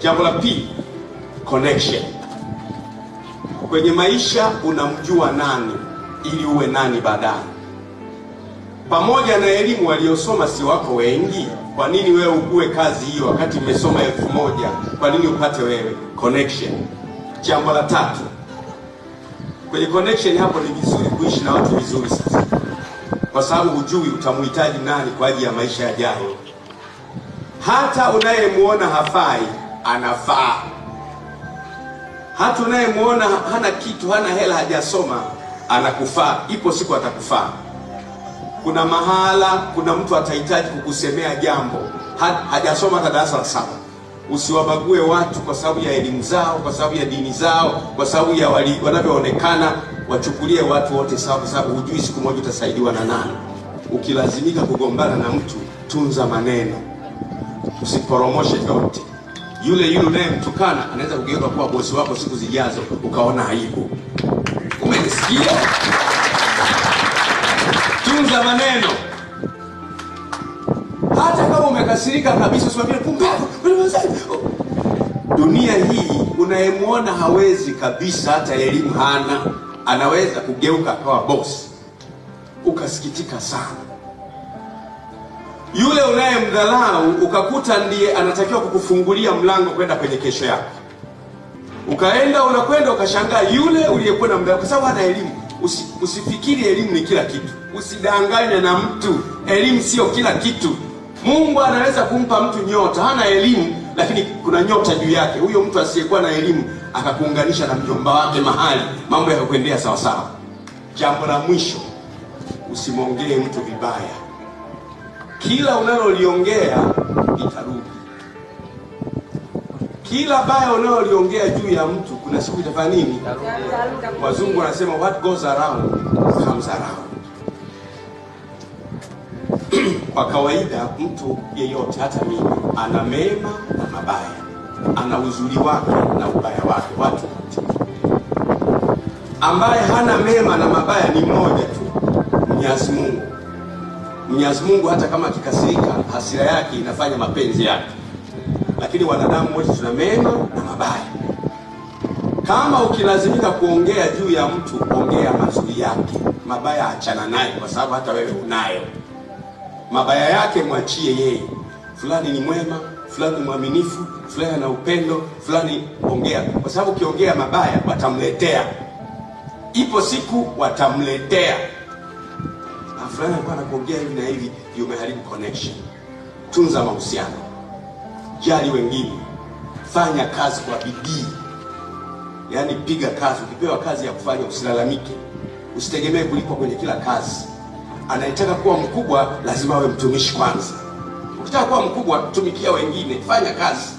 Jambo la pili, connection. Kwenye maisha unamjua nani ili uwe nani baadaye. Pamoja na elimu waliosoma si wako wengi, kwa nini wewe ukue kazi hiyo wakati umesoma elfu moja? Kwa nini upate wewe connection? Jambo la tatu kwenye connection hapo ni vizuri kuishi na watu vizuri sasa, kwa sababu hujui utamhitaji nani kwa ajili ya maisha yajayo. Hata unayemwona hafai anafaa. Hata unayemwona hana kitu, hana hela, hajasoma, anakufaa. Ipo siku atakufaa. Kuna mahala, kuna mtu atahitaji kukusemea jambo, hajasoma hata darasa la saba. Usiwabague watu kwa sababu ya elimu zao, kwa sababu ya dini zao, kwa sababu ya wanavyoonekana. Wachukulie watu wote sawa, kwa sababu hujui siku moja utasaidiwa na nani. Ukilazimika kugombana na mtu, tunza maneno, usiporomoshe yote yule yule unayemtukana anaweza kugeuka kuwa bosi wako siku zijazo, ukaona aibu. Umenisikia? Tunza maneno, hata kama umekasirika kabisa, usimwambie Dunia hii unayemwona hawezi kabisa, hata elimu hana, anaweza kugeuka kawa bosi, ukasikitika sana yule unayemdhalau ukakuta ndiye anatakiwa kukufungulia mlango kwenda kwenye kesho yako, ukaenda unakwenda ukashangaa yule uliyekuwa na muda, kwa sababu hana elimu. Usi, usifikiri elimu ni kila kitu, usidanganywe na mtu. Elimu sio kila kitu. Mungu anaweza kumpa mtu nyota, hana elimu, lakini kuna nyota juu yake. Huyo mtu asiyekuwa na elimu akakuunganisha na mjomba wake mahali, mambo yakakuendea sawasawa. Jambo la mwisho, usimwongee mtu vibaya kila unaloliongea litarudi. Kila baya unaloliongea juu ya mtu kuna siku itafanya nini? Wazungu wanasema what goes around comes around. Kwa kawaida mtu yeyote, hata mimi, ana mema na mabaya, ana uzuri wake na ubaya wake. Watu ambaye hana mema na mabaya ni mmoja tu, Mwenyezi Mungu. Mwenyezi Mungu hata kama akikasirika, hasira yake inafanya mapenzi yake, lakini wanadamu wote tuna mema na mabaya. Kama ukilazimika kuongea juu ya mtu, ongea mazuri yake, mabaya achana naye, kwa sababu hata wewe unayo. Mabaya yake mwachie yeye. Fulani ni mwema, fulani mwaminifu, fulani ana upendo, fulani ongea, kwa sababu ukiongea mabaya watamletea, ipo siku watamletea fulani alikuwa anakuongea hivi na hivi, ndio umeharibu connection. Tunza mahusiano, jali wengine, fanya kazi kwa bidii, yaani piga kazi. Ukipewa kazi ya kufanya usilalamike, usitegemee kulipwa kwenye kila kazi. Anayetaka kuwa mkubwa lazima awe mtumishi kwanza. Ukitaka kuwa mkubwa, tumikia wengine, fanya kazi.